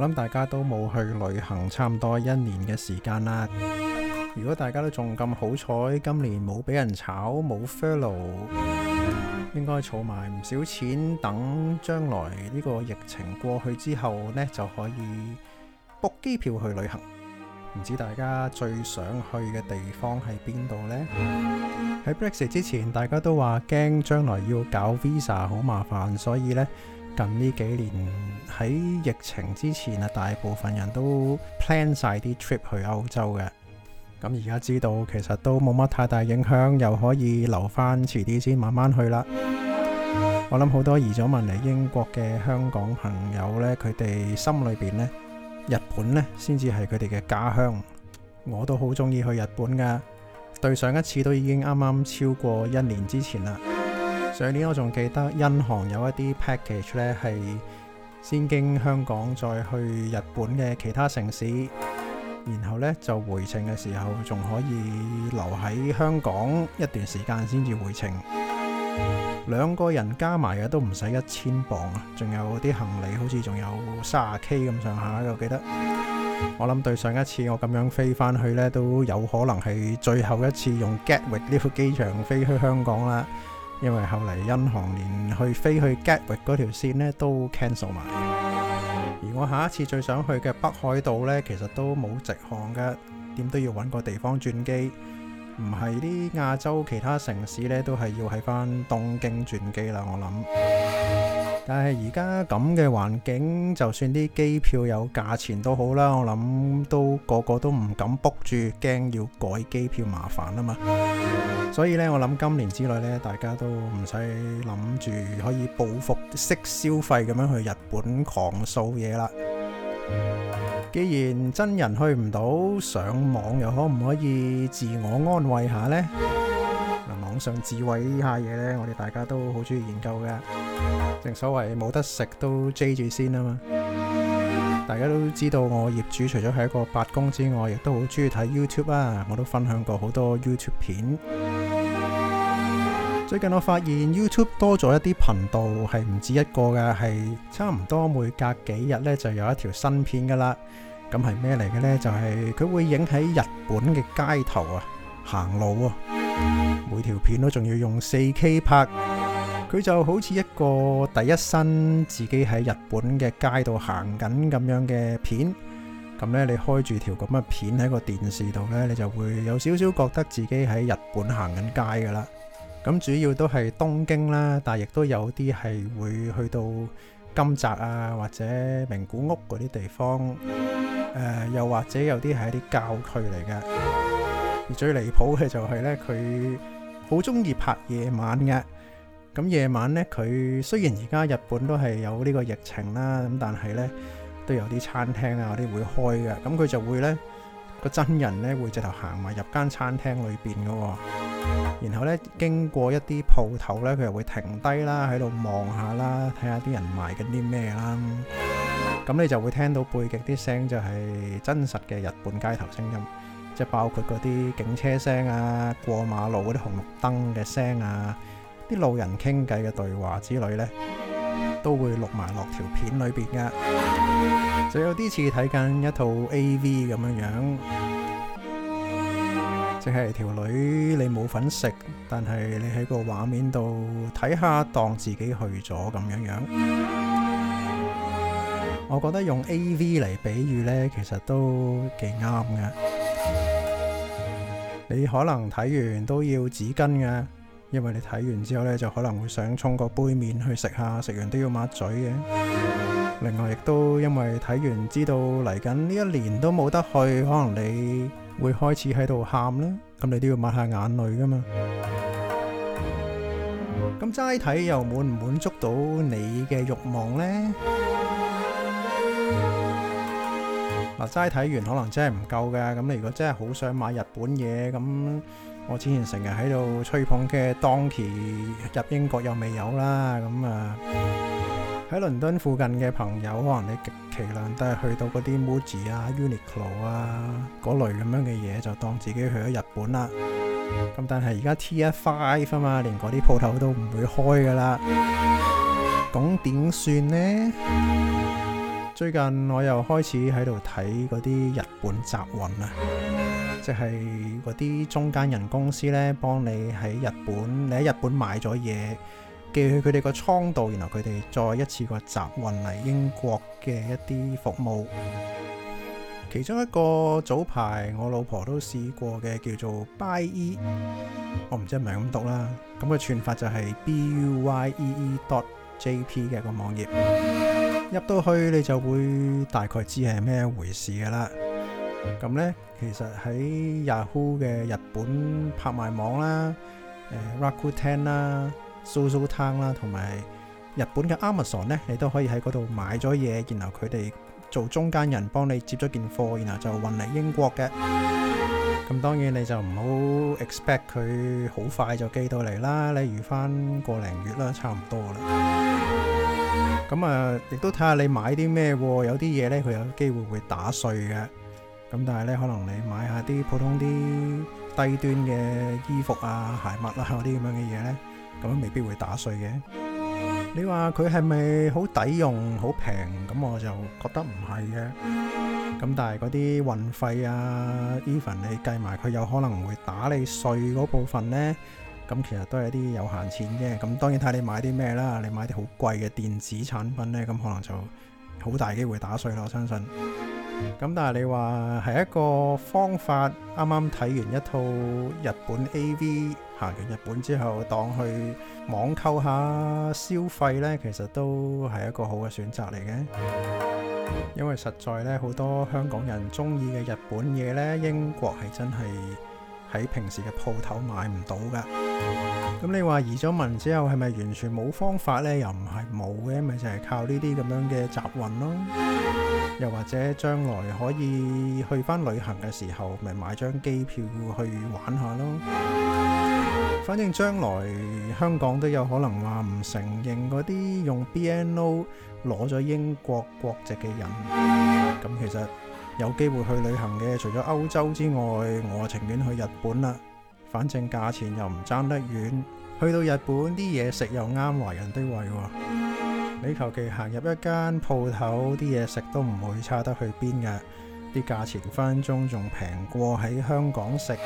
我諗大家都冇去旅行，差唔多一年嘅時間啦。如果大家都仲咁好彩，今年冇俾人炒，冇 furlough，應該儲埋唔少錢，等將來呢個疫情過去之後呢，就可以 book 機票去旅行。唔知大家最想去嘅地方係邊度呢？喺 Brexit 之前，大家都話驚將來要搞 visa 好麻煩，所以呢。近呢幾年喺疫情之前啊，大部分人都 plan 曬啲 trip 去歐洲嘅。咁而家知道其實都冇乜太大影響，又可以留翻遲啲先慢慢去啦。嗯、我諗好多移咗民嚟英國嘅香港朋友呢，佢哋心裏邊呢，日本呢先至係佢哋嘅家鄉。我都好中意去日本噶，對上一次都已經啱啱超過一年之前啦。上年我仲記得，英航有一啲 package 咧，係先經香港再去日本嘅其他城市，然後呢就回程嘅時候仲可以留喺香港一段時間先至回程。兩個人加埋嘅都唔使一千鎊啊！仲有啲行李好似仲有卅 K 咁上下，我記得。我諗對上一次我咁樣飛返去呢，都有可能係最後一次用 Gatwick 呢個機場飛去香港啦。因為後嚟因航連去飛去 Gatwick 嗰條線咧都 cancel 埋，而我下一次最想去嘅北海道呢，其實都冇直航嘅，點都要揾個地方轉機，唔係啲亞洲其他城市呢，都係要喺返東京轉機啦，我諗。但係而家咁嘅環境，就算啲機票有價錢都好啦，我諗都個個都唔敢 book 住，驚要改機票麻煩啊嘛。所以呢，我諗今年之內呢，大家都唔使諗住可以報復式消費咁樣去日本狂掃嘢啦。既然真人去唔到，上網又可唔可以自我安慰下呢？上智慧呢下嘢呢，我哋大家都好中意研究嘅。正所謂冇得食都 J 住先啊嘛！大家都知道我業主除咗係一個八公之外，亦都好中意睇 YouTube 啊！我都分享過好多 YouTube 片。最近我發現 YouTube 多咗一啲頻道，係唔止一個嘅，係差唔多每隔幾日呢，就有一條新片噶啦。咁係咩嚟嘅呢？就係、是、佢會影喺日本嘅街頭啊，行路啊！每條片都仲要用四 K 拍，佢就好似一個第一身自己喺日本嘅街度行緊咁樣嘅片。咁呢，你開住條咁嘅片喺個電視度呢，你就會有少少覺得自己喺日本行緊街噶啦。咁主要都係東京啦，但亦都有啲係會去到金澤啊，或者名古屋嗰啲地方，呃，又或者有啲係一啲郊區嚟嘅。最離譜嘅就係呢，佢好中意拍夜晚嘅。咁夜晚呢，佢雖然而家日本都係有呢個疫情啦，咁但係呢都有啲餐廳啊，有啲會開嘅。咁佢就會呢個真人呢會直頭行埋入間餐廳裏邊嘅喎。然後呢，經過一啲鋪頭呢，佢又會停低啦，喺度望下啦，睇下啲人賣緊啲咩啦。咁你就會聽到背景啲聲，就係真實嘅日本街頭聲音。即包括嗰啲警車聲啊、過馬路嗰啲紅綠燈嘅聲啊、啲路人傾偈嘅對話之類呢，都會錄埋落條片裏邊㗎，就有啲似睇緊一套 A.V. 咁樣樣，即係條女你冇份食，但係你喺個畫面度睇下當自己去咗咁樣樣。我覺得用 A.V. 嚟比喻呢，其實都幾啱㗎。你可能睇完都要紙巾嘅，因為你睇完之後呢，就可能會想沖個杯麵去食下，食完都要抹嘴嘅。另外亦都因為睇完知道嚟緊呢一年都冇得去，可能你會開始喺度喊啦，咁你都要抹下眼淚噶嘛。咁齋睇又滿唔滿足到你嘅欲望呢？嗱，齋睇完可能真係唔夠嘅，咁你如果真係好想買日本嘢，咁我之前成日喺度吹捧嘅 Donkey 入英國又未有啦，咁啊，喺倫敦附近嘅朋友，可能你極其量都係去到嗰啲 MUJI 啊、Uniqlo 啊嗰類咁樣嘅嘢，就當自己去咗日本啦。咁但係而家 T F Five 啊嘛，連嗰啲鋪頭都唔會開噶啦，咁點算呢？最近我又開始喺度睇嗰啲日本集運啊，即係嗰啲中間人公司咧，幫你喺日本，你喺日本買咗嘢，寄去佢哋個倉度，然後佢哋再一次個集運嚟英國嘅一啲服務。其中一個早排我老婆都試過嘅叫做 Buye，我唔知係唔係咁讀啦，咁個串法就係 Buyee.dot.jp 嘅一個網頁。入到去你就會大概知係咩回事㗎喇。咁呢，其實喺 Yahoo 嘅日本拍賣網啦、啊、Rakuten 啦、ZOZOTOWN 啦，同埋日本嘅 Amazon 呢，你都可以喺嗰度買咗嘢，然後佢哋做中間人幫你接咗件貨，然後就運嚟英國嘅。咁當然你就唔好 expect 佢好快就寄到嚟啦，你預返個零月啦，差唔多啦。咁啊，亦都睇下你買啲咩喎。有啲嘢呢，佢有機會會打碎嘅。咁但係呢，可能你買下啲普通啲低端嘅衣服啊、鞋襪啊嗰啲咁樣嘅嘢呢，咁未必會打碎嘅。你話佢係咪好抵用、好平？咁我就覺得唔係嘅。咁但係嗰啲運費啊，even 你計埋，佢有可能會打你稅嗰部分呢。咁其實都係啲有閒錢嘅，咁當然睇你買啲咩啦。你買啲好貴嘅電子產品呢，咁可能就好大機會打碎囉。我相信。咁但係你話係一個方法，啱啱睇完一套日本 AV，行完日本之後，當去網購下消費呢，其實都係一個好嘅選擇嚟嘅。因為實在呢，好多香港人中意嘅日本嘢呢，英國係真係。喺平時嘅鋪頭買唔到㗎，咁你話移咗民之後係咪完全冇方法呢？又唔係冇嘅，咪就係、是、靠呢啲咁樣嘅集運咯。又或者將來可以去翻旅行嘅時候，咪買張機票去玩下咯。反正將來香港都有可能話唔承認嗰啲用 BNO 攞咗英國國籍嘅人，咁其實。有機會去旅行嘅，除咗歐洲之外，我情願去日本啦。反正價錢又唔差得遠，去到日本啲嘢食物又啱華人的胃。你求其行入一間鋪頭，啲嘢食物都唔會差得去邊嘅，啲價錢分分鐘仲平過喺香港食。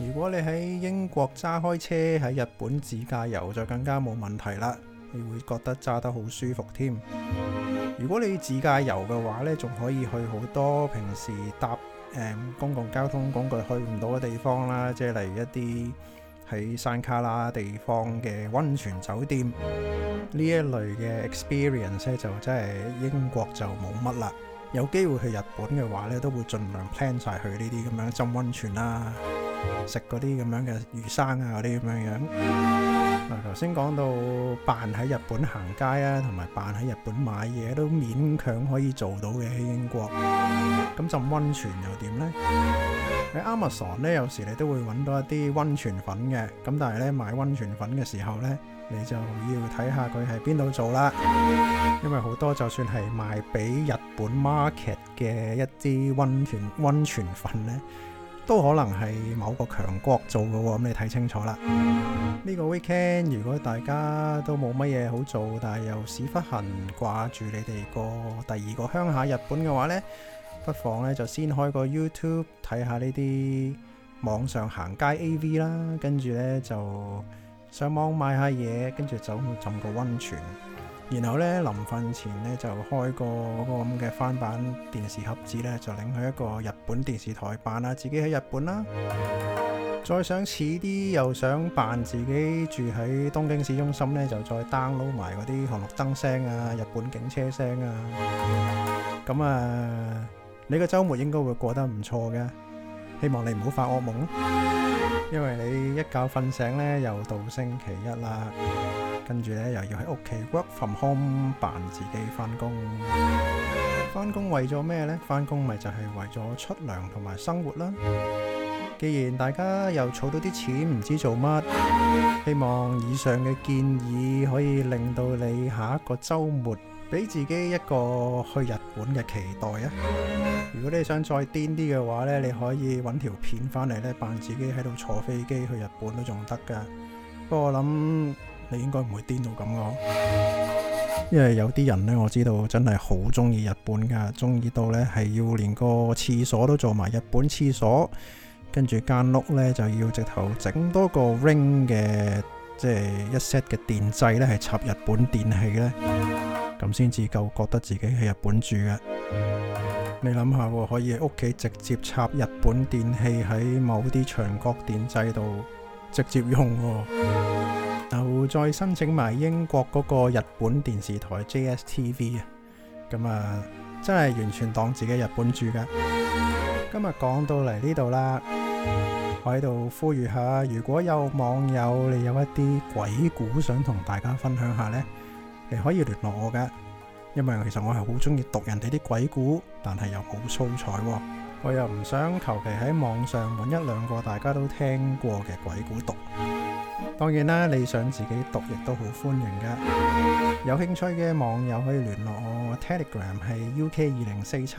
如果你喺英國揸開車喺日本自駕遊，就更加冇問題啦，你會覺得揸得好舒服添。如果你自駕遊嘅話呢，仲可以去好多平時搭、嗯、公共交通工具去唔到嘅地方啦，即係例如一啲喺山卡拉地方嘅温泉酒店呢一類嘅 experience 咧，就真係英國就冇乜啦。有機會去日本嘅話呢，都會盡量 plan 曬去呢啲咁樣浸温泉啦，食嗰啲咁樣嘅魚生啊嗰啲咁樣。嗱，頭先講到扮喺日本行街啊，同埋扮喺日本買嘢都勉強可以做到嘅喺英國。咁浸温泉又點呢？喺 Amazon 咧，有時你都會揾到一啲温泉粉嘅。咁但係咧，買温泉粉嘅時候呢，你就要睇下佢喺邊度做啦。因為好多就算係賣俾日本 market 嘅一啲温泉温泉粉呢都可能係某個強國做嘅喎，咁你睇清楚啦。呢個 weekend 如果大家都冇乜嘢好做，但係又屎忽痕掛住你哋個第二個鄉下日本嘅話，呢不妨呢就先開個 YouTube 睇下呢啲網上行街 AV 啦，跟住呢就上網買下嘢，跟住走去浸個温泉。然後呢，臨瞓前呢，就開個咁嘅、嗰、翻版電視盒子呢就領去一個日本電視台扮啦，自己喺日本啦。再想似啲，又想扮自己住喺東京市中心呢就再 download 埋嗰啲紅綠燈聲啊、日本警車聲啊。咁啊，你個周末應該會過得唔錯嘅。希望你唔好發惡夢，因為你一覺瞓醒呢，又到星期一啦，跟住呢又要喺屋企 work from home 扮自己返工。返工為咗咩呢？返工咪就係為咗出糧同埋生活啦。既然大家又儲到啲錢，唔知做乜，希望以上嘅建議可以令到你下一個週末。俾自己一個去日本嘅期待啊！如果你想再癲啲嘅話呢，你可以揾條片翻嚟呢，扮自己喺度坐飛機去日本都仲得㗎。不過我諗你應該唔會癲到咁嘅，因為有啲人呢，我知道真係好中意日本㗎，中意到呢，係要連個廁所都做埋日本廁所，跟住間屋呢，就要直頭整多個 ring 嘅，即係一 set 嘅電掣呢，係插日本電器咧。咁先至夠覺得自己係日本住嘅。你諗下，可以喺屋企直接插日本電器喺某啲牆角電掣度直接用。又、嗯、再申請埋英國嗰個日本電視台 JSTV 啊！咁啊，真係完全當自己日本住嘅。今日講到嚟呢度啦，我喺度呼籲下，如果有網友你有一啲鬼故想同大家分享一下呢。可以聯絡我㗎，因為其實我係好中意讀人哋啲鬼故，但係又冇素材喎，我又唔想求其喺網上揾一兩個大家都聽過嘅鬼故讀。當然啦，你想自己讀亦都好歡迎㗎，有興趣嘅網友可以聯絡我 Telegram 係 UK 二零四七。